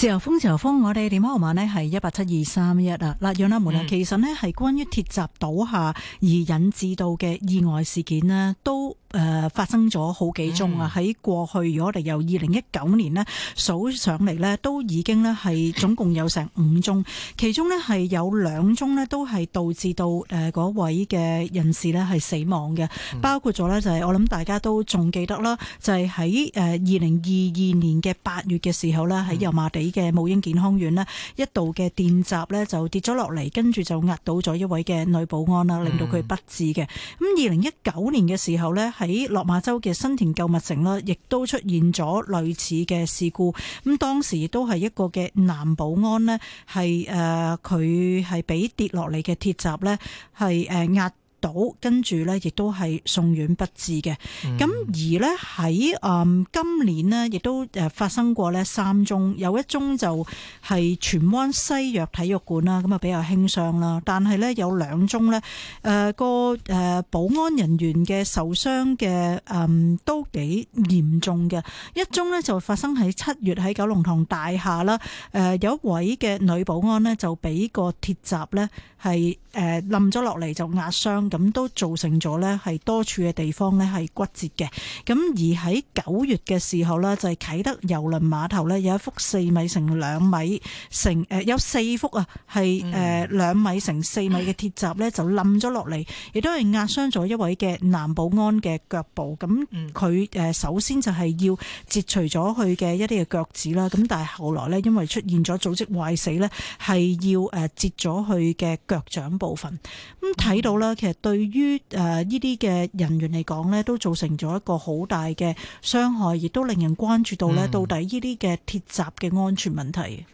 自由風，自由風，我哋電話號碼呢係一八七二三一啊。嗱，楊生無其實呢係關於鐵閘倒下而引致到嘅意外事件呢都。誒、呃，發生咗好幾宗啊。喺、嗯、過去，如果我哋由二零一九年呢數上嚟呢，都已經呢係總共有成五宗，嗯、其中呢，係有兩宗呢，都係導致到誒嗰、呃、位嘅人士呢係死亡嘅，包括咗呢、就是，就係我諗大家都仲記得啦，就係喺誒二零二二年嘅八月嘅時候呢，喺油麻地嘅母嬰健康院呢，嗯、一度嘅電閘呢就跌咗落嚟，跟住就壓到咗一位嘅女保安啦，令到佢不治嘅。咁二零一九年嘅時候呢，喺落馬洲嘅新田購物城啦，亦都出現咗類似嘅事故。咁當時亦都係一個嘅男保安咧，係誒佢係俾跌落嚟嘅鐵閘咧，係誒壓呃到跟住咧，亦都係送院不治嘅。咁而咧喺嗯今年咧，亦都誒發生過咧三宗，有一宗就係荃灣西約體育館啦，咁啊比較輕傷啦。但係咧有兩宗咧，誒個誒保安人員嘅受傷嘅誒、呃、都幾嚴重嘅。一宗咧就發生喺七月喺九龍塘大廈啦，誒、呃、有一位嘅女保安咧就俾個鐵閘咧係誒冧咗落嚟，呃、就壓傷。咁都造成咗呢，係多處嘅地方呢，係骨折嘅。咁而喺九月嘅時候呢，就係、是、啟德郵輪碼頭呢，有一幅四米乘兩米，乘誒有四幅啊，係誒兩米乘四、呃、米嘅鐵閘呢，就冧咗落嚟，亦都係壓傷咗一位嘅男保安嘅腳部。咁佢誒首先就係要截除咗佢嘅一啲嘅腳趾啦。咁但係後來呢，因為出現咗組織壞死呢，係要誒截咗佢嘅腳掌部分。咁睇到啦，其實。對於誒呢啲嘅人員嚟講呢，都造成咗一個好大嘅傷害，亦都令人關注到呢，到底呢啲嘅鐵閘嘅安全問題。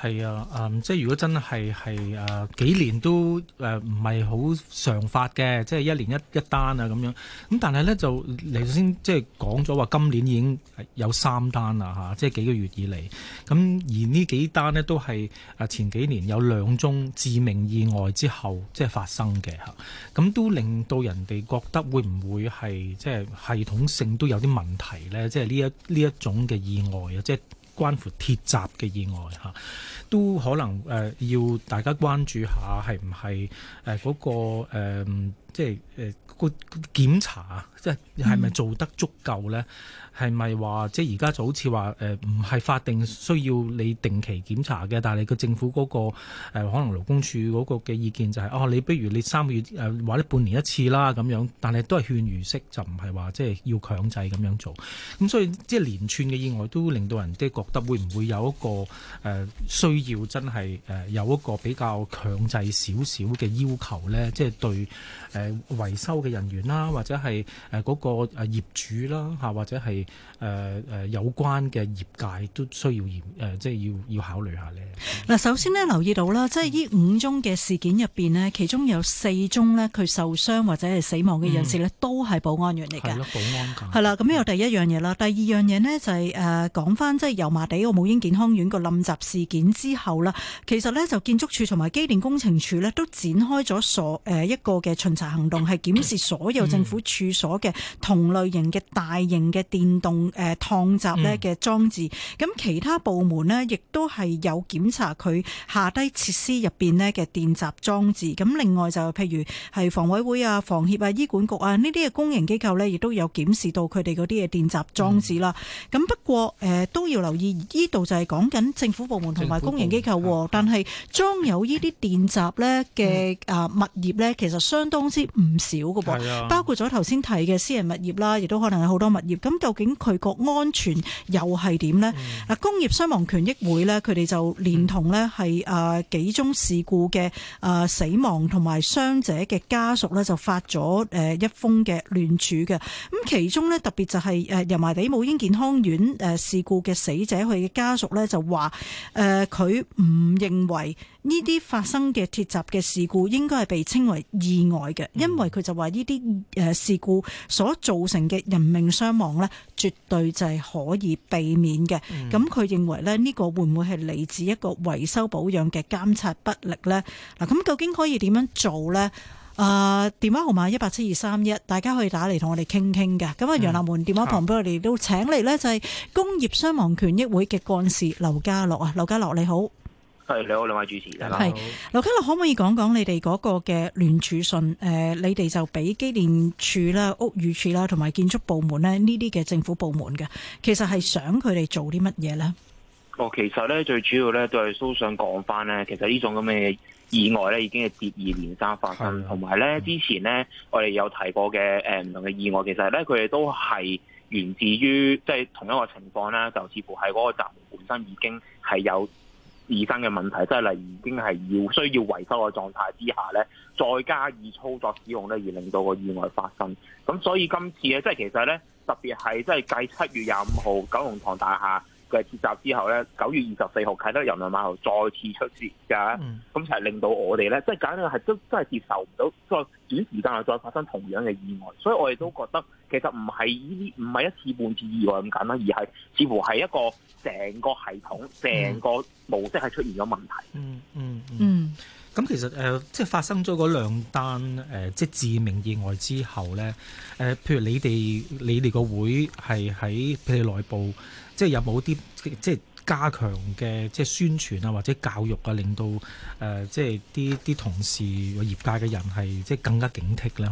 係啊，嗯，即係如果真係係誒幾年都誒唔係好常發嘅，即係一年一一單啊咁樣。咁但係咧就你先即係講咗話，今年已經有三單啦吓，即係幾個月以嚟。咁、啊、而呢幾單呢，都係誒前幾年有兩宗致命意外之後即係發生嘅吓，咁、啊、都令到人哋覺得會唔會係即係系統性都有啲問題咧？即係呢一呢一種嘅意外啊，即係。關乎鐵閘嘅意外嚇，都可能誒、呃、要大家關注一下係唔係誒嗰個、呃、即係誒、呃、那個檢查啊，即係係咪做得足夠呢？係咪話即係而家就好似話誒唔係法定需要你定期檢查嘅，但係個政府嗰、那個、呃、可能勞工處嗰個嘅意見就係、是、哦，你不如你三個月誒或者半年一次啦咁樣，但係都係勸喻式，就唔係話即係要強制咁樣做。咁所以即係連串嘅意外都令到人即得會唔會有一個誒、呃、需要真係誒有一個比較強制少少嘅要求呢？即、就、係、是、對誒、呃、維修嘅人員啦，或者係誒嗰個誒業主啦嚇，或者係誒誒有關嘅業界都需要嚴誒、呃，即係要要考慮下呢。嗱，首先咧留意到啦、嗯，即係呢五宗嘅事件入邊呢，其中有四宗呢，佢受傷或者係死亡嘅人士呢、嗯，都係保安員嚟㗎。係咯，保安㗎。係啦，咁有第一樣嘢啦，第二樣嘢呢、就是，呃、就係誒講返即係有。麻地個母嬰健康院個冧閘事件之後啦，其實呢就建築署同埋機電工程署呢都展開咗所誒一個嘅巡查行動，係檢視所有政府處所嘅同類型嘅大型嘅電動誒趟閘咧嘅裝置。咁其他部門呢亦都係有檢查佢下低設施入邊呢嘅電閘裝置。咁另外就譬如係房委會啊、房協啊、醫管局啊呢啲嘅公營機構呢，亦都有檢視到佢哋嗰啲嘅電閘裝置啦。咁、嗯、不過誒、呃、都要留意。而呢度就係講緊政府部門同埋公營機構，但係裝有呢啲電閘咧嘅啊物業咧，其實相當之唔少噶噃，嗯，包括咗頭先睇嘅私人物業啦，亦都可能有好多物業。咁究竟佢個安全又係點咧？嗱，嗯，工業傷亡權益會咧，佢哋就連同咧係啊幾宗事故嘅啊，呃、死亡同埋傷者嘅家屬咧，就發咗誒，呃、一封嘅聯署嘅。咁其中咧特別就係誒油麻地母嬰健康院誒，呃、事故嘅死者。社佢嘅家屬呢，就、呃、話，誒，佢唔認為呢啲發生嘅鐵閘嘅事故應該係被稱為意外嘅，因為佢就話呢啲誒事故所造成嘅人命傷亡呢，絕對就係可以避免嘅。咁佢認為呢個會唔會係嚟自一個維修保養嘅監察不力呢？嗱，咁究竟可以點樣做呢？誒、uh，電話號碼一八七二三一，大家可以打嚟同我哋傾傾㗎。咁、嗯、啊，楊立門電話旁俾我哋都請嚟呢就係工業傷亡權益會嘅幹事劉家樂啊。劉家樂你好，係你好兩位主持，係劉家樂可唔可以講講你哋嗰個嘅聯署信？誒、呃，你哋就俾機電處啦、屋宇處啦，同埋建築部門咧呢啲嘅政府部門嘅，其實係想佢哋做啲乜嘢呢哦，其實咧最主要咧都係都想講翻咧，其實呢種咁嘅意外咧已經係接二連三發生，同埋咧之前咧我哋有提過嘅誒唔同嘅意外，其實咧佢哋都係源自於即係同一個情況啦，就似乎係嗰個閘門本身已經係有自身嘅問題，即係嚟已經係要需要維修嘅狀態之下咧，再加以操作使用咧而令到個意外發生。咁所以今次咧，即係其實咧特別係即係繼七月廿五號九龍塘大廈嘅接集之後咧，九月二十四號啟德郵輪碼頭再次出事噶，咁、嗯、就係令到我哋咧，即係簡直係都真係接受唔到，再短時間內再發生同樣嘅意外，所以我哋都覺得其實唔係呢啲唔係一次半次意外咁簡單，而係似乎係一個成個系統成個模式係出現咗問題的。嗯嗯嗯。咁、嗯、其實誒、呃，即係發生咗嗰兩單、呃、即係致命意外之後咧，誒、呃，譬如你哋你哋個會係喺譬如你內部。即係有冇啲即係加強嘅即係宣傳啊，或者教育啊，令到誒、呃、即係啲啲同事或業界嘅人係即係更加警惕咧？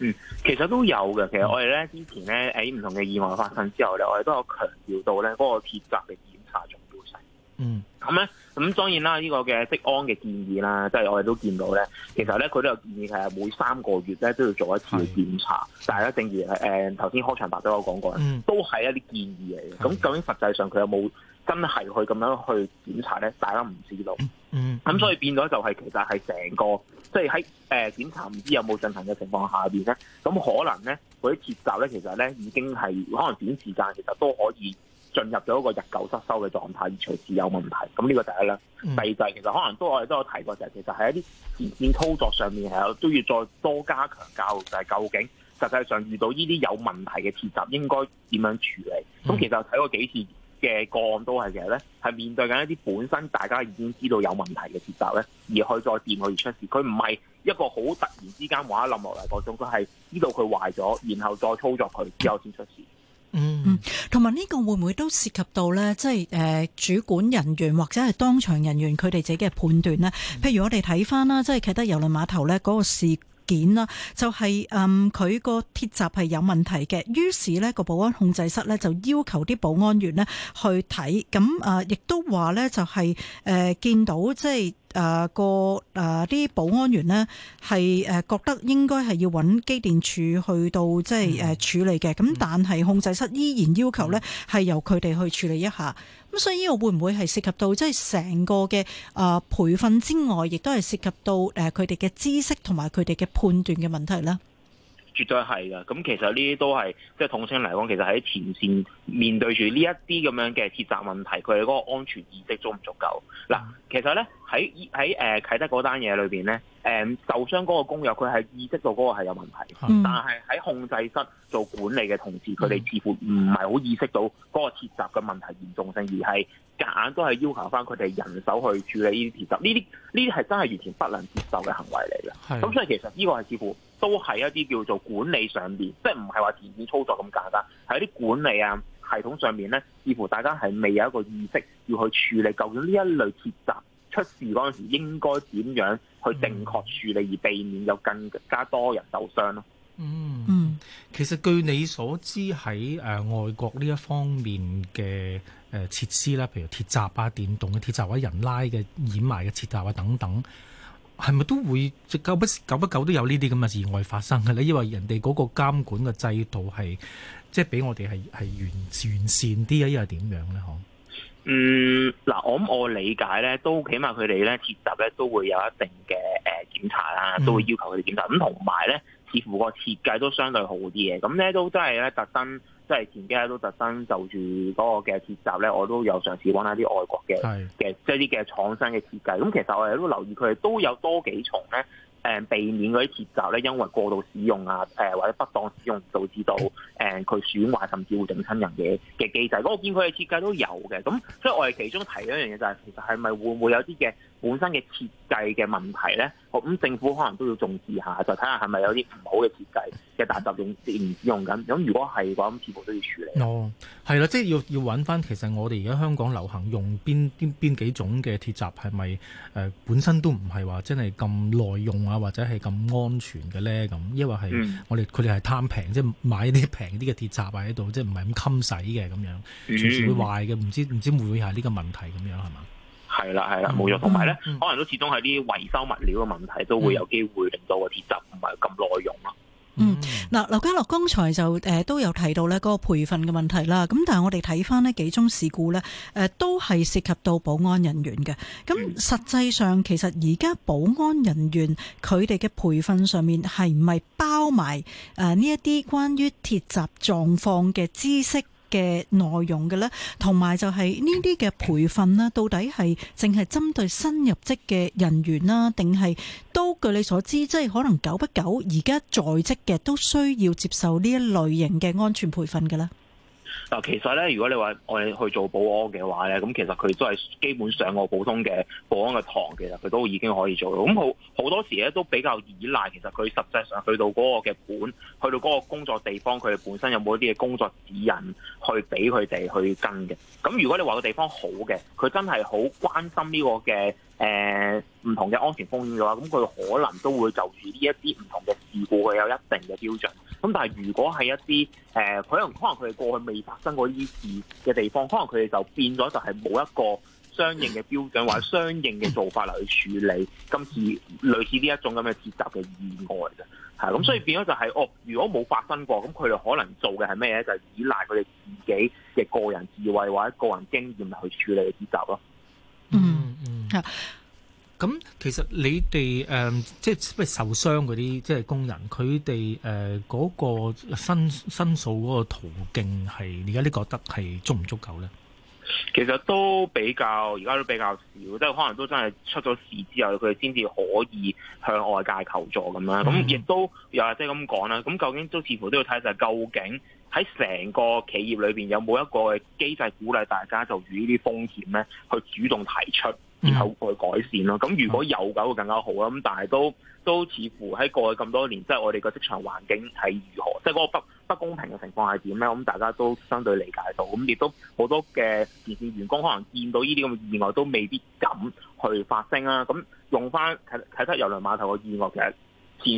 嗯，其實都有嘅。其實我哋咧之前咧喺唔同嘅意外發生之後咧，我哋都有強調到咧嗰、嗰個鐵閘嘅檢查重要性。嗯，咁咧。咁當然啦，呢、這個嘅職安嘅建議啦，即、就、係、是、我哋都見到咧。其實咧，佢都有建議係每三個月咧都要做一次檢查。但係咧，正如誒頭先開場白都有講過，都係一啲建議嚟嘅。咁究竟實際上佢有冇真係去咁樣去檢查咧？大家唔知道。咁所以變咗就係、是、其實係成個即係喺誒檢查唔知有冇進行嘅情況下面咧，咁可能咧佢啲鐵閘咧其實咧已經係可能短時，時間其實都可以，進入咗一個日久失修嘅狀態，而隨時有問題，咁呢個第一啦、嗯。第二就係、是、其實可能都我哋都有提過就係，其實係一啲前綫操作上面係有都要再多加強教育，就係、是、究竟實際上遇到呢啲有問題嘅鐵閘應該點樣處理？咁、嗯、其實睇過幾次嘅個案都係嘅，實咧係面對緊一啲本身大家已經知道有問題嘅鐵閘咧，而去再點去出事。佢唔係一個好突然之間話冧落嚟嗰種，佢、就、係、是、知道佢壞咗，然後再操作佢之後先出事。嗯，同埋呢個會唔會都涉及到呢？即係誒主管人員或者係當場人員佢哋自己嘅判斷呢、嗯？譬如我哋睇翻啦，即係啟德郵輪碼頭呢嗰個事件啦，就係、係、嗯佢個鐵閘係有問題嘅，於是呢個保安控制室呢，就要求啲保安員呢去睇，咁、呃、亦都話呢、就係呃，就係誒見到即係。啊，個啊啲保安員呢，係誒覺得應該係要揾機電處去到即係誒處理嘅，咁但係控制室依然要求呢，係由佢哋去處理一下。咁所以呢個會唔會係涉及到即係成個嘅啊培訓之外，亦都係涉及到誒佢哋嘅知識同埋佢哋嘅判斷嘅問題呢？絕對係嘅。咁其實呢啲都係即係統稱嚟講，其實喺前線面對住呢一啲咁樣嘅鐵閘問題，佢哋嗰個安全意識足唔足夠？嗱、嗯，其實咧喺喺誒啟德嗰單嘢裏邊咧，誒、呃、受傷嗰個工友，佢係意識到嗰個係有問題，嗯、但係喺控制室做管理嘅同事，佢哋、嗯、似乎唔係好意識到嗰個鐵閘嘅問題的嚴重性，而係夾硬都係要求返佢哋人手去處理呢啲鐵閘，呢啲呢啲係真係完全不能接受嘅行為嚟嘅。咁所以其實呢個係似乎。都係一啲叫做管理上面，即係唔係話電子操作咁簡單，喺啲管理啊系統上面呢，似乎大家係未有一個意識要去處理究竟呢一類鐵閘出事嗰陣時應該點樣去正確處理，而避免有更加多人受傷咯。嗯嗯，其實據你所知喺誒、呃、外國呢一方面嘅誒設施啦，譬如鐵閘啊、電動嘅鐵閘啊、人拉嘅掩埋嘅鐵閘啊等等。係咪都會久不久不久都有呢啲咁嘅意外發生嘅咧？因為人哋嗰個監管嘅制度係即係比我哋係係完完善啲，因為點樣咧？嗬？嗯，嗱，我諗我理解咧，都起碼佢哋咧鐵閘咧都會有一定嘅誒檢查啦，都會要求佢哋檢查，咁同埋咧似乎個設計都相對好啲嘅，咁咧都真係咧特登。即係前幾日都特登就住嗰個嘅鐵閘咧，我都有嘗試講下啲外國嘅嘅，即係啲嘅創新嘅設計。咁其實我哋都留意佢哋都有多幾重咧，誒避免嗰啲鐵閘咧，因為過度使用啊，誒或者不當使用導致到誒佢損壞甚至會整親人嘅嘅機制。我見佢嘅設計都有嘅，咁所以我哋其中提咗一樣嘢，就係其實係咪會唔會有啲嘅？本身嘅設計嘅問題咧，咁政府可能都要重視下，就睇下係咪有啲唔好嘅設計嘅鐵閘用用緊。咁如果係嘅話，咁全部都要處理。哦，係啦，即係要要揾翻其實我哋而家香港流行用邊邊邊幾種嘅鐵閘，係咪誒本身都唔係話真係咁耐用啊，或者係咁安全嘅咧？咁因為係、mm. 我哋佢哋係貪平，即係買啲平啲嘅鐵閘擺喺度，即係唔係咁襟使嘅咁樣，隨時會壞嘅。唔、mm. 知唔知會唔會係呢個問題咁樣係嘛？係啦，係啦，冇錯。同埋呢，可能都始終係啲維修物料嘅問題，都會有機會令到個鐵閘唔係咁耐用咯。嗯，嗱，劉家樂剛才就誒都有提到呢嗰個培訓嘅問題啦。咁但係我哋睇返呢幾宗事故呢，誒都係涉及到保安人員嘅。咁實際上其實而家保安人員佢哋嘅培訓上面係唔係包埋誒呢一啲關於鐵閘狀況嘅知識？嘅內容嘅啦，同埋就係呢啲嘅培訓啦，到底係淨係針對新入職嘅人員啦，定係都據你所知，即係可能久不久而家在，在職嘅都需要接受呢一類型嘅安全培訓嘅啦？其實咧，如果你話我哋去做保安嘅話咧，咁其實佢都係基本上個普通嘅保安嘅堂，其實佢都已經可以做。咁好好多時咧，都比較依賴其實佢實際上去到嗰個嘅館，去到嗰個工作地方，佢本身有冇一啲嘅工作指引去俾佢哋去跟嘅。咁如果你話個地方好嘅，佢真係好關心呢個嘅誒唔同嘅安全風險嘅話，咁佢可能都會就住呢一啲唔同嘅事故，佢有一定嘅標準。咁但係如果係一啲誒，可能可能佢哋過去未發生過呢啲事嘅地方，可能佢哋就變咗，就係冇一個相應嘅標準或者相應嘅做法嚟去處理今次類似呢一種咁嘅鐵閘嘅意外嘅嚇，咁所以變咗就係、是、哦，如果冇發生過，咁佢哋可能做嘅係咩咧？就係、是、依賴佢哋自己嘅個人智慧或者個人經驗去處理嘅鐵閘咯。嗯嗯。咁其實你哋誒、呃、即係受傷嗰啲即係工人，佢哋誒嗰個申申訴嗰個途徑係而家你覺得係足唔足夠咧？其實都比較而家都比較少，即係可能都真係出咗事之後，佢哋先至可以向外界求助咁啦。咁、嗯、亦都又話即係咁講啦。咁究竟都似乎都要睇就係究竟喺成個企業裏邊有冇一個機制鼓勵大家就與呢啲風險咧去主動提出？然後去改善咯，咁如果有嘅會更加好啦。咁但係都都似乎喺過去咁多年，即係我哋嘅職場環境係如何，即係嗰個不不公平嘅情況係點咧？咁大家都相對理解到。咁亦都好多嘅前線員工可能見到呢啲咁嘅意外都未必敢去發聲啦。咁用翻啟啟德郵輪碼頭嘅意外，其實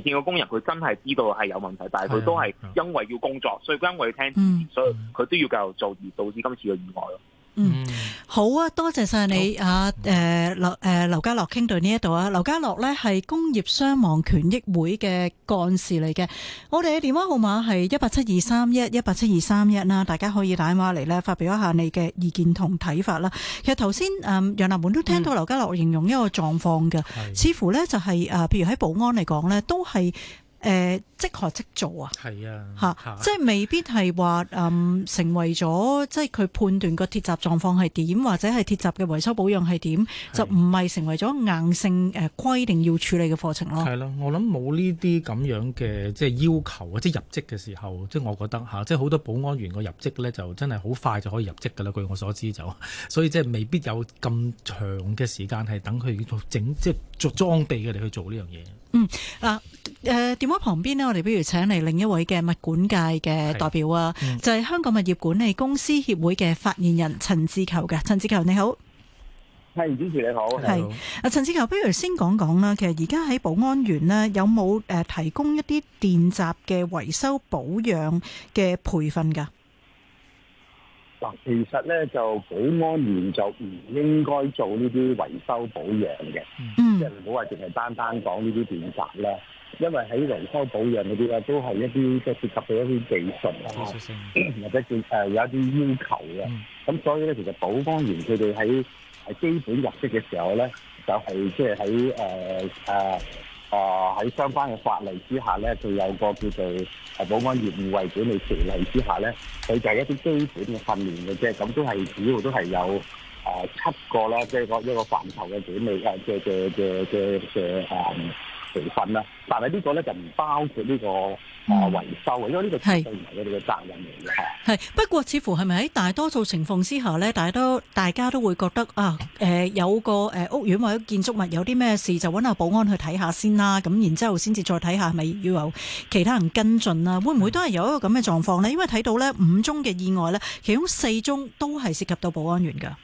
前線嘅工人佢真係知道係有問題，但係佢都係因為要工作，所以因為要聽、嗯、所以佢都要繼續做，而導致今次嘅意外咯。嗯，好啊，多謝晒你啊，誒劉誒劉家樂傾到呢一度啊，劉家樂呢係工業傷亡權益會嘅幹事嚟嘅。我哋嘅電話號碼係一八七二三一一八七二三一啦，大家可以打電話嚟呢發表一下你嘅意見同睇法啦。其實頭先誒，楊立門都聽到劉家樂形容一個狀況㗎，似乎呢就係、是、誒，譬如喺保安嚟講呢都係。誒、呃、即學即做啊！係啊，啊，即未必係話誒成為咗，即佢判斷個鐵閘狀況係點，或者係鐵閘嘅維修保養係點，啊，就唔係成為咗硬性誒規定要處理嘅課程咯，啊。係咯，啊，我諗冇呢啲咁樣嘅即要求啊！即入職嘅時候，即我覺得嚇，即好多保安員個入職咧就真係好快就可以入職噶啦。據我所知就，所以即未必有咁長嘅時間係等佢整即做裝備嘅哋去做呢樣嘢。嗯，嗱，誒，電話旁邊咧，我哋不如請嚟另一位嘅物管界嘅代表啊、嗯，就係、是、香港物業管理公司協會嘅發言人陳志球嘅，陳志球你好，係主持你好，係，阿陳志球，不如先講講啦，其實而家喺保安員呢，有冇誒提供一啲電閘嘅維修保養嘅培訓噶？嗱，其實呢，就保安員就唔應該做呢啲維修保養嘅。嗯即唔好話淨係單單講呢啲電閘啦，因為喺維修保養嗰啲咧，都係一啲即係涉及到一啲技術啊，或者誒有一啲要求嘅。咁、嗯、所以咧，其實保安員佢哋喺係基本入職嘅時候咧，就係即係喺誒誒啊喺相關嘅法例之下咧，佢有個叫做誒保安業護衞管理條例之下咧，佢就係一啲基本嘅訓練嘅啫。咁都係主要都係有。誒，七個啦，即係個一個範疇嘅種類誒，嘅嘅嘅嘅嘅誒培訓啦。但係呢個咧就唔包括呢、這個誒維、啊、修嘅，因為呢個絕對唔係佢哋嘅責任嚟嘅。係不過似乎係咪喺大多數情況之下咧，大多大家都會覺得啊，誒、呃、有個誒屋苑或者建築物有啲咩事，就揾下保安去睇下先啦。咁然之後先至再睇下係咪要有其他人跟進啊，會唔會都係有一個咁嘅狀況咧？因為睇到咧五宗嘅意外咧，其中四宗都係涉及到保安員噶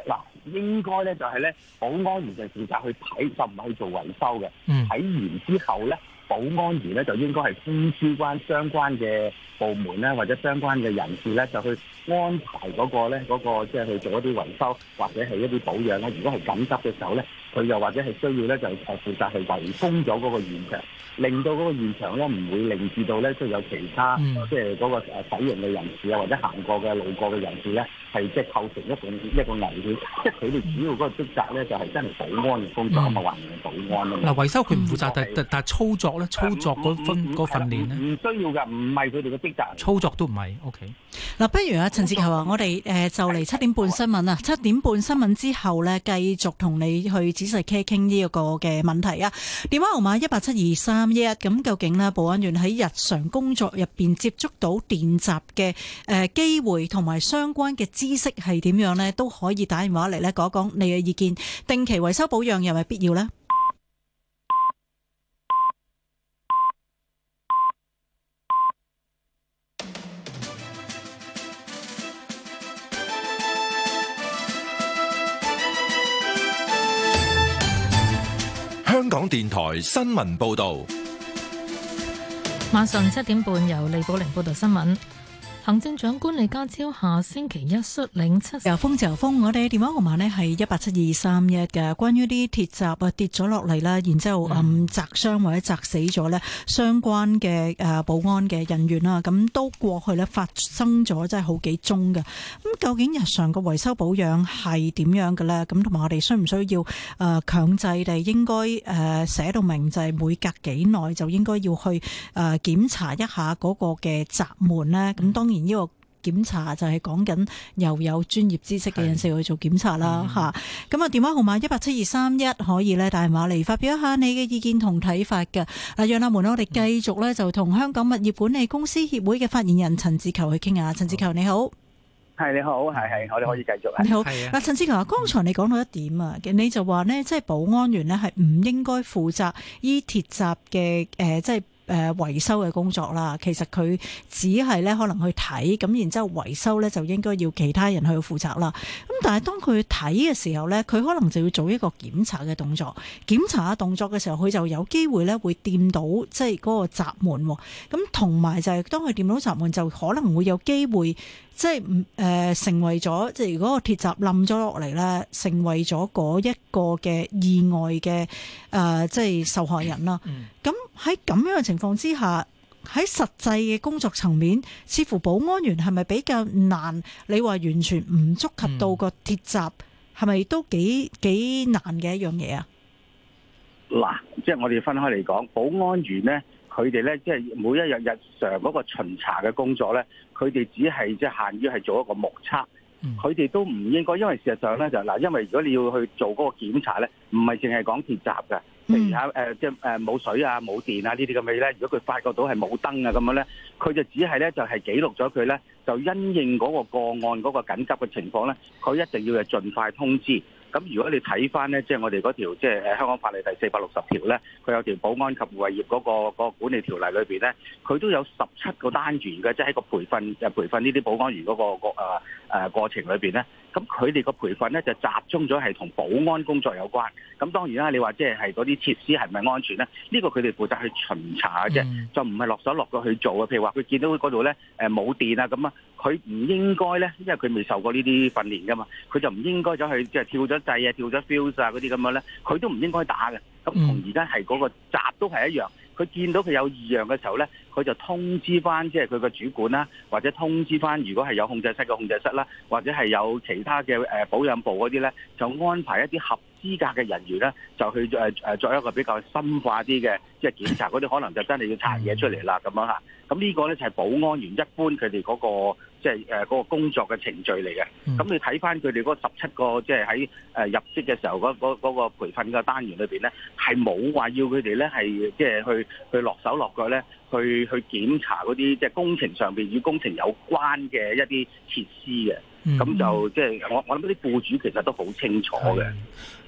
嗱，應該咧就係咧、嗯，保安員就負責去睇，就唔係去做維修嘅。睇完之後咧，保安員咧就應該係通知關相關嘅部門咧，或者相關嘅人士咧，就去安排嗰個咧嗰個即係去做一啲維修，或者係一啲保養啦。如果係緊急嘅時候咧，佢又或者係需要咧就誒負責去圍封咗嗰個現場。令到嗰個現場咧，唔會令至到咧，即係有其他即係嗰個誒使用嘅人士啊，或者行過嘅路過嘅人士咧，係即係構成一個一個危險。即係佢哋主要嗰個職責咧，就係真係保安嘅工作，咪話保安咯。嗱，維修佢唔負責，但但但係操作咧，操作嗰訓嗰訓練咧，唔需要㗎，唔係佢哋嘅職責。操作都唔係。OK。嗱，不如啊陳志球啊，我哋誒就嚟七點半新聞啊，七點半新聞之後咧，繼續同你去仔細傾傾呢一個嘅問題啊。電話號碼一八七二三。咁、嗯，究竟呢，保安員喺日常工作入邊接觸到電閘嘅誒機會同埋相關嘅知識係點樣呢？都可以打電話嚟呢講講你嘅意見。定期維修保養有冇必要呢？香港電台新聞報道。晚上七點半，由李寶玲報道新聞。行政長官李家超下星期一率領七。自由風，自由風，我哋嘅電話號碼呢係一八七二三一嘅。關於啲鐵閘啊跌咗落嚟啦，然之後嗯砸傷或者砸死咗呢，相關嘅誒保安嘅人員啦，咁都過去呢發生咗真係好幾宗㗎。咁究竟日常嘅維修保養係點樣嘅呢？咁同埋我哋需唔需要誒強制地應該誒寫到明，就係每隔幾耐就應該要去誒檢查一下嗰個嘅閘門呢。咁當然。呢個檢查就係講緊又有專業知識嘅人士去做檢查啦，吓。咁啊，電話號碼一八七二三一可以呢？大馬嚟發表一下你嘅意見同睇法嘅。啊，楊立門，我哋繼續呢，就同香港物業管理公司協會嘅發言人陳志球去傾下。陳志球好，你好，係你好，係係，我哋可以繼續。你好，嗱，陳志球，剛才你講到一點啊，你就話呢，即係保安員呢，係唔應該負責依鐵閘嘅，誒、呃，即係。誒、呃、維修嘅工作啦，其實佢只係咧可能去睇，咁然之後維修咧就應該要其他人去負責啦。咁但係當佢睇嘅時候咧，佢可能就要做一個檢查嘅動作，檢查下動作嘅時候，佢就有機會咧會掂到即係嗰個閘門。咁同埋就係當佢掂到閘門，就可能會有機會即係唔誒成為咗即係如果個鐵閘冧咗落嚟咧，成為咗嗰一個嘅意外嘅誒即係受害人啦。咁喺咁樣嘅情況之下。喺實際嘅工作層面，似乎保安員係咪比較難？你話完全唔觸及到個鐵閘，係、嗯、咪都幾幾難嘅一樣嘢啊？嗱，即係我哋分開嚟講，保安員呢，佢哋呢，即係每一日日常嗰個巡查嘅工作呢，佢哋只係即係限於係做一個目測，佢、嗯、哋都唔應該，因為事實上呢，就嗱，因為如果你要去做嗰個檢查呢，唔係淨係講鐵閘嘅。其、嗯、他即係誒冇水啊，冇電啊，呢啲咁嘅嘢咧，如果佢發覺到係冇燈啊，咁樣咧，佢就只係咧就係記錄咗佢咧，就因應嗰個個案嗰、嗰個緊急嘅情況咧，佢一定要係盡快通知。咁如果你睇翻咧，即係我哋嗰條即係香港法例第四百六十條咧，佢有條保安及護衛業嗰、嗰個嗰個管理條例裏面咧，佢都有十七個單元嘅，即係喺個培訓就培訓呢啲保安員嗰個個誒、啊啊、過程裏面咧。咁佢哋個培訓咧就集中咗係同保安工作有關。咁當然啦，你話即係嗰啲設施係咪安全咧？呢、呢個佢哋負責去巡查嘅啫，就唔係落手落腳去做嘅。譬如話佢見到嗰度咧冇電啊咁啊。佢唔應該呢，因為佢未受過呢啲訓練噶嘛，佢就唔應該走去即係跳咗掣啊、跳咗 fuse 啊嗰啲咁樣呢。佢都唔應該打嘅。咁同而家係嗰個閘都係一樣，佢見到佢有異樣嘅時候呢，佢就通知翻即係佢個主管啦，或者通知翻如果係有控制室嘅控制室啦，或者係有其他嘅保養部嗰啲呢，就安排一啲合資格嘅人員呢，就去做作一個比較深化啲嘅即係檢查嗰啲，可能就真係要查嘢出嚟啦咁樣嚇。咁呢個呢，就係保安員一般佢哋嗰個。即係誒個工作嘅程序嚟嘅，咁你睇返佢哋嗰十七個，即係喺誒入職嘅時候嗰、嗰個嗰個培訓嘅單元裏邊咧，係冇話要佢哋咧係即係去去落手落腳咧，去下下呢去，去檢查嗰啲即係工程上邊與工程有關嘅一啲設施嘅，咁就即係、就係、我我諗啲僱主其實都好清楚嘅。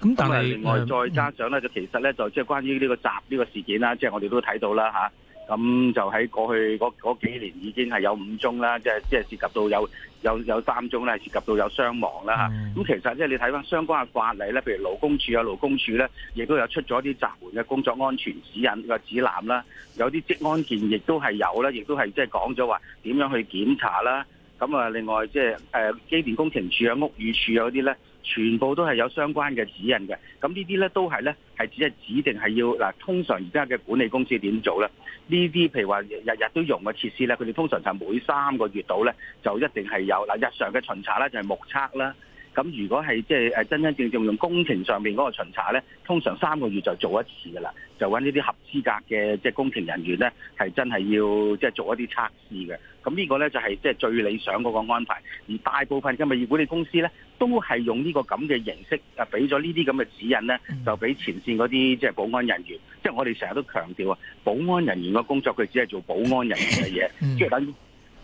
咁但係另外、嗯、再加上咧，就其實咧就即係關於呢個閘呢個事件啦，即、就、係、係、我哋都睇到啦嚇。咁就喺過去嗰嗰幾年已經係有五宗啦，即係即係涉及到有有有三宗咧，涉及到有傷亡啦吓咁、mm. 其實即係你睇翻相關嘅法例咧，譬如勞工處啊、勞工處咧，亦都有出咗啲閘門嘅工作安全指引嘅指南啦，有啲職安健亦都係有啦，亦都係即係講咗話點樣去檢查啦。咁啊，另外即係誒機電工程署啊、屋宇署啊嗰啲咧，全部都係有相關嘅指引嘅，咁呢啲呢，都係呢，係即係指定係要嗱，通常而家嘅管理公司點做呢？呢啲譬如話日日都用嘅設施呢，佢哋通常就係每三個月度呢，就一定係有嗱日常嘅巡查呢，就係目測啦。咁如果係即係誒真真正正用工程上面嗰個巡查咧，通常三個月就做一次噶啦，就搵呢啲合資格嘅即係工程人員咧，係真係要即係做一啲測試嘅。咁呢個咧就係即係最理想嗰個安排。而大部分嘅物業管理公司咧，都係用呢個咁嘅形式啊，俾咗呢啲咁嘅指引咧，就俾前線嗰啲即係保安人員。即係我哋成日都強調啊，保安人員嘅工作佢只係做保安人員嘅嘢，即係等。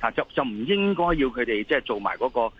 啊！就就唔應該要佢哋即係做埋、那、嗰個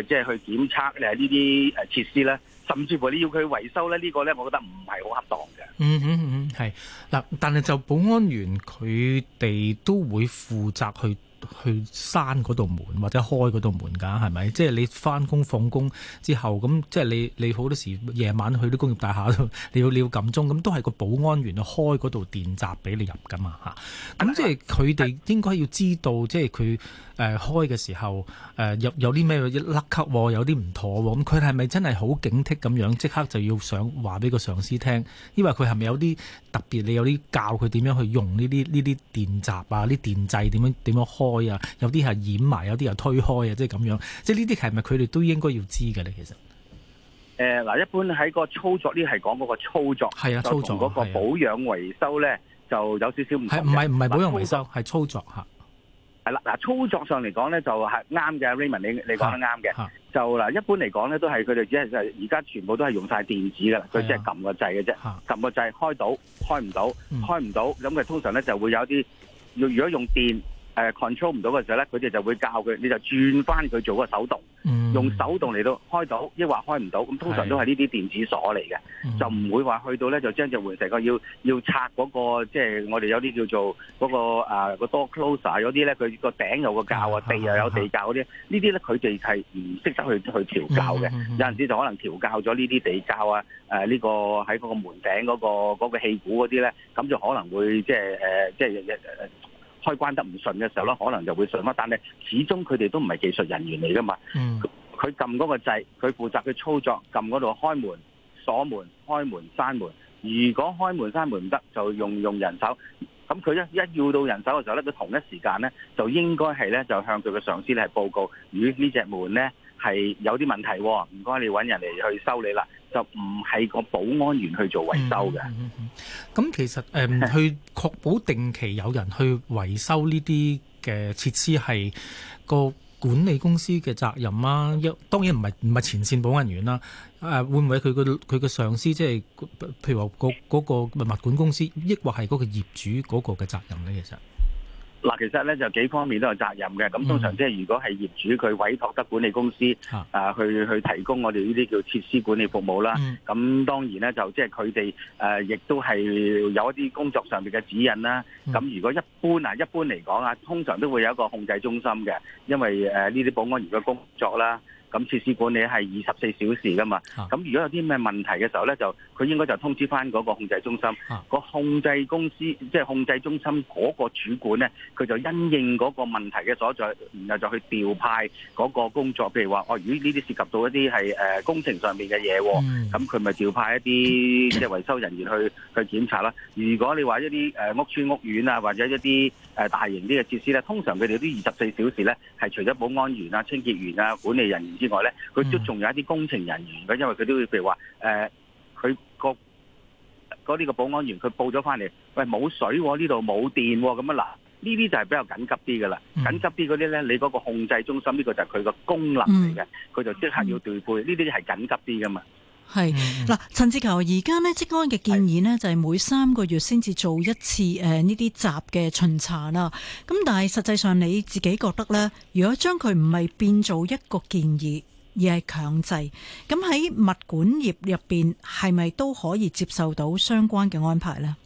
即係、呃、去檢測誒呢啲誒設施咧，甚至乎你要佢維修咧，呢、呢個咧，我覺得唔係好恰當嘅。嗯嗯嗯嗯，係嗱，但係就保安員佢哋都會負責去。去閂嗰度門或者開嗰度門㗎，係咪？即係你返工放工之後咁，即係你你好多時夜晚去啲工業大廈度，你要你要撳鐘，咁都係個保安員開嗰度電閘俾你入㗎嘛嚇。咁即係佢哋應該要知道，即係佢。誒、呃、開嘅時候，誒有有啲咩一甩咳喎，有啲唔妥喎。咁佢係咪真係好警惕咁樣，即刻就要想話俾個上司聽？因為佢係咪有啲特別？你有啲教佢點樣去用呢啲呢啲電閘啊，啲電掣點樣點樣開啊？有啲係掩埋，有啲係推開啊，即係咁樣。即係呢啲係咪佢哋都應該要知嘅咧？其實誒嗱，一般喺個操作呢，係講嗰個操作係啊，操作嗰個保養維修咧、啊，就有少少唔係唔係唔係保養維修係操作吓係啦，嗱操作上嚟講咧，就係啱嘅。Raymond，你你講得啱嘅，就嗱一般嚟講咧，都係佢哋只係而家全部都係用晒電子噶啦，佢、啊、只係撳個掣嘅啫，撳、啊、個掣開到、開唔到、開唔到，咁、嗯、佢通常咧就會有啲，如果用電。誒 control 唔到嘅時候咧，佢哋就會教佢，你就轉翻佢做個手動、嗯，用手動嚟到開到，抑或開唔到，咁通常都係呢啲電子鎖嚟嘅。就唔會話去到咧就將隻換成個要、嗯、要拆嗰、那個，即、就、係、是、我哋有啲叫做嗰、那個啊、那個 door closer，嗰啲咧佢個頂有個較啊，地又有地較嗰啲，呢啲咧佢哋係唔識得去去調較嘅，有陣時就可能調較咗呢啲地較啊，呢、呃這個喺嗰個門頂嗰、那個嗰、那個氣鼓嗰啲咧，咁就可能會即係即開關得唔順嘅時候咧，可能就會順咯。但係始終佢哋都唔係技術人員嚟噶嘛。嗯，佢撳嗰個掣，佢負責嘅操作，撳嗰度開門、鎖門、開門、閂門。如果開門閂門唔得，就用用人手。咁佢一一要到人手嘅時候咧，佢同一時間咧就應該係咧就向佢嘅上司咧係報告，如果呢隻門咧係有啲問題，唔該你搵人嚟去修理啦。就唔係個保安員去做維修嘅、嗯。咁、嗯嗯嗯、其實、嗯、去確保定期有人去維修呢啲嘅設施，係個管理公司嘅責任啦、啊。當當然唔係唔係前線保安員啦、啊。誒、啊，會唔會佢個佢嘅上司，即係譬如話嗰個個物管公司，抑或係嗰個業主嗰個嘅責任咧？其實？嗱，其實咧就幾方面都有責任嘅。咁通常即係如果係業主佢委託得管理公司啊，去去提供我哋呢啲叫設施管理服務啦。咁當然咧就即係佢哋誒亦都係有一啲工作上面嘅指引啦。咁如果一般啊，一般嚟講啊，通常都會有一個控制中心嘅，因為誒呢啲保安員嘅工作啦。咁設施管理係二十四小時噶嘛？咁如果有啲咩問題嘅時候咧，就佢應該就通知翻嗰個控制中心。個控制公司即係、就是、控制中心嗰個主管咧，佢就因應嗰個問題嘅所在，然後就去調派嗰個工作。譬如話，哦，如果呢啲涉及到一啲係誒工程上面嘅嘢，咁佢咪調派一啲即係維修人員去去檢查啦。如果你話一啲屋邨屋苑啊，或者一啲誒大型啲嘅設施咧，通常佢哋嗰啲二十四小時咧係除咗保安員啊、清潔員啊、管理人員。之外咧，佢都仲有一啲工程人員嘅，因為佢都要譬如話，誒、呃，佢、個嗰啲、個保安員佢報咗翻嚟，喂，冇水喎、哦，呢度冇電喎、哦，咁啊嗱，呢啲就係比較緊急啲噶啦，緊急啲嗰啲咧，你嗰個控制中心呢、呢個就係佢個功能嚟嘅，佢就即刻要對配，呢啲係緊急啲噶嘛。係嗱、嗯呃，陳志球而家呢，職安嘅建議呢，就係每三個月先至做一次誒呢啲集嘅巡查啦。咁但係實際上你自己覺得呢，如果將佢唔係變做一個建議，而係強制，咁喺物管業入邊係咪都可以接受到相關嘅安排呢？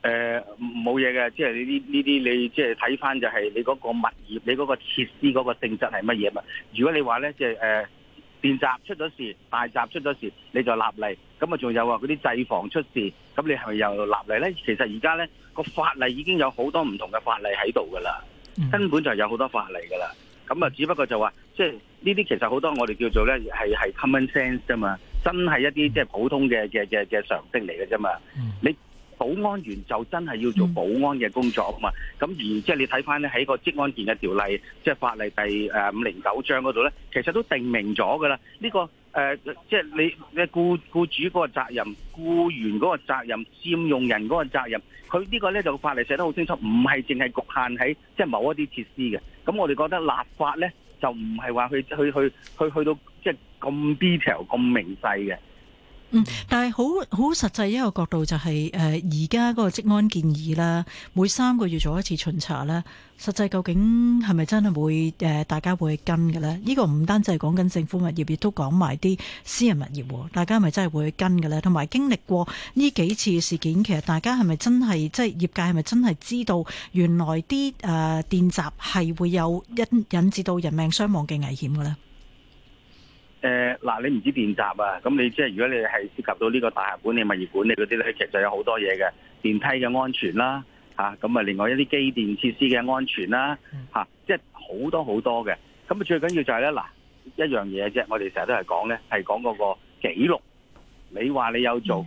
誒冇嘢嘅，即係呢呢啲你即係睇翻就係你嗰個物業，你嗰個設施嗰個性質係乜嘢嘛？如果你話呢，即係誒。呃電閘出咗事，大閘出咗事，你就立例，咁啊仲有話嗰啲制房出事，咁你係咪又立例咧？其實而家咧個法例已經有好多唔同嘅法例喺度噶啦，根本就有好多法例噶啦。咁啊，只不過就話，即係呢啲其實好多我哋叫做咧係係 common sense 啫嘛，真係一啲即係普通嘅嘅嘅嘅常識嚟嘅啫嘛，你。保安員就真係要做保安嘅工作啊嘛，咁、嗯、而即係你睇翻咧喺個職安健嘅條例，即、就、係、是、法例第誒五零九章嗰度咧，其實都定明咗噶啦。呢、這個即係你你僱僱主嗰個責任、僱員嗰個責任、佔用人嗰個責任，佢呢個咧就法例寫得好清楚，唔係淨係局限喺即係某一啲設施嘅。咁我哋覺得立法咧就唔係話去去去去去到即係咁 detail 咁明細嘅。嗯，但係好好實際一個角度就係、是、誒，而家嗰個職安建議啦，每三個月做一次巡查啦，實際究竟係咪真係會誒、呃、大家會跟嘅咧？呢、這個唔單止係講緊政府物業，亦都講埋啲私人物業，大家咪真係會跟嘅咧？同埋經歷過呢幾次事件，其實大家係咪真係即係業界係咪真係知道原來啲誒、呃、電閘係會有引引致到人命傷亡嘅危險嘅咧？誒，嗱，你唔知電閘啊，咁你即係如果你係涉及到呢個大廈管理、物業管理嗰啲咧，其實有好多嘢嘅，電梯嘅安全啦，咁啊，啊另外一啲機電設施嘅安全啦、啊啊，即係好多好多嘅，咁啊，最緊要就係、係、咧，嗱、啊，一樣嘢啫，我哋成日都係講咧，係講嗰個記錄。你話你有做，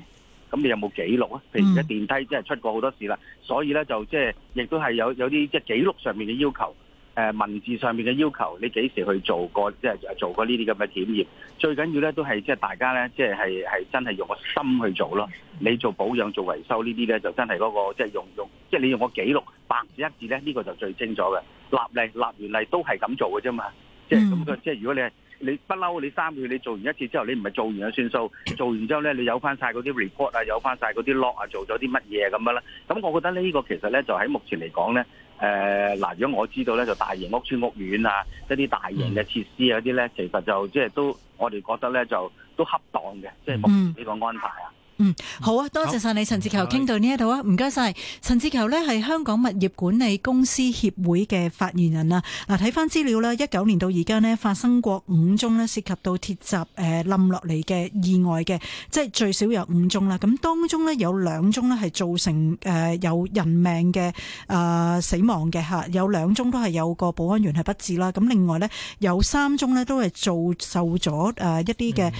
咁你有冇記錄啊？譬如而家電梯即係出過好多事啦，所以咧就即係亦都係有有啲即係記錄上面嘅要求。誒文字上面嘅要求，你幾時去做過？即係做過呢啲咁嘅檢驗。最緊要咧，都係即係大家咧，即係係係真係用個心去做咯。你做保養、做維修呢啲咧，就真係嗰個即係用用，即係你用個記錄，白字一字咧，呢個就最清楚嘅。立例立完例都係咁做嘅啫嘛。即係咁即係如果你係你不嬲，你，你三個月你做完一次之後，你唔係做完就算數，做完之後咧，你有翻晒嗰啲 report 啊，有翻晒嗰啲 log 啊，做咗啲乜嘢咁樣啦。咁我覺得呢個其實咧，就喺目前嚟講咧。誒、呃、嗱，如果我知道咧，就大型屋邨屋苑啊，一啲大型嘅設施啊啲咧，其實就即係都我哋覺得咧，就，就都恰當嘅，即係目前呢個安排啊。嗯，好啊，多謝晒你，陳志球傾到呢一度啊，唔該晒。陳志球咧，係香港物業管理公司協會嘅發言人啦。嗱，睇翻資料啦，一九年到而家咧，發生過五宗咧涉及到鐵閘誒冧落嚟嘅意外嘅，即係最少有五宗啦。咁當中咧有兩宗咧係造成誒有人命嘅啊死亡嘅吓，有兩宗都係有個保安員係不治啦。咁另外咧有三宗咧都係做受咗誒一啲嘅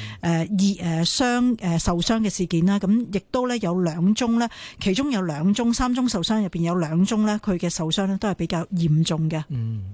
誒誒傷誒受傷嘅事件啦。咁亦都咧有兩宗咧，其中有兩宗，三宗受傷，入面有兩宗咧，佢嘅受傷咧都係比較嚴重嘅。嗯。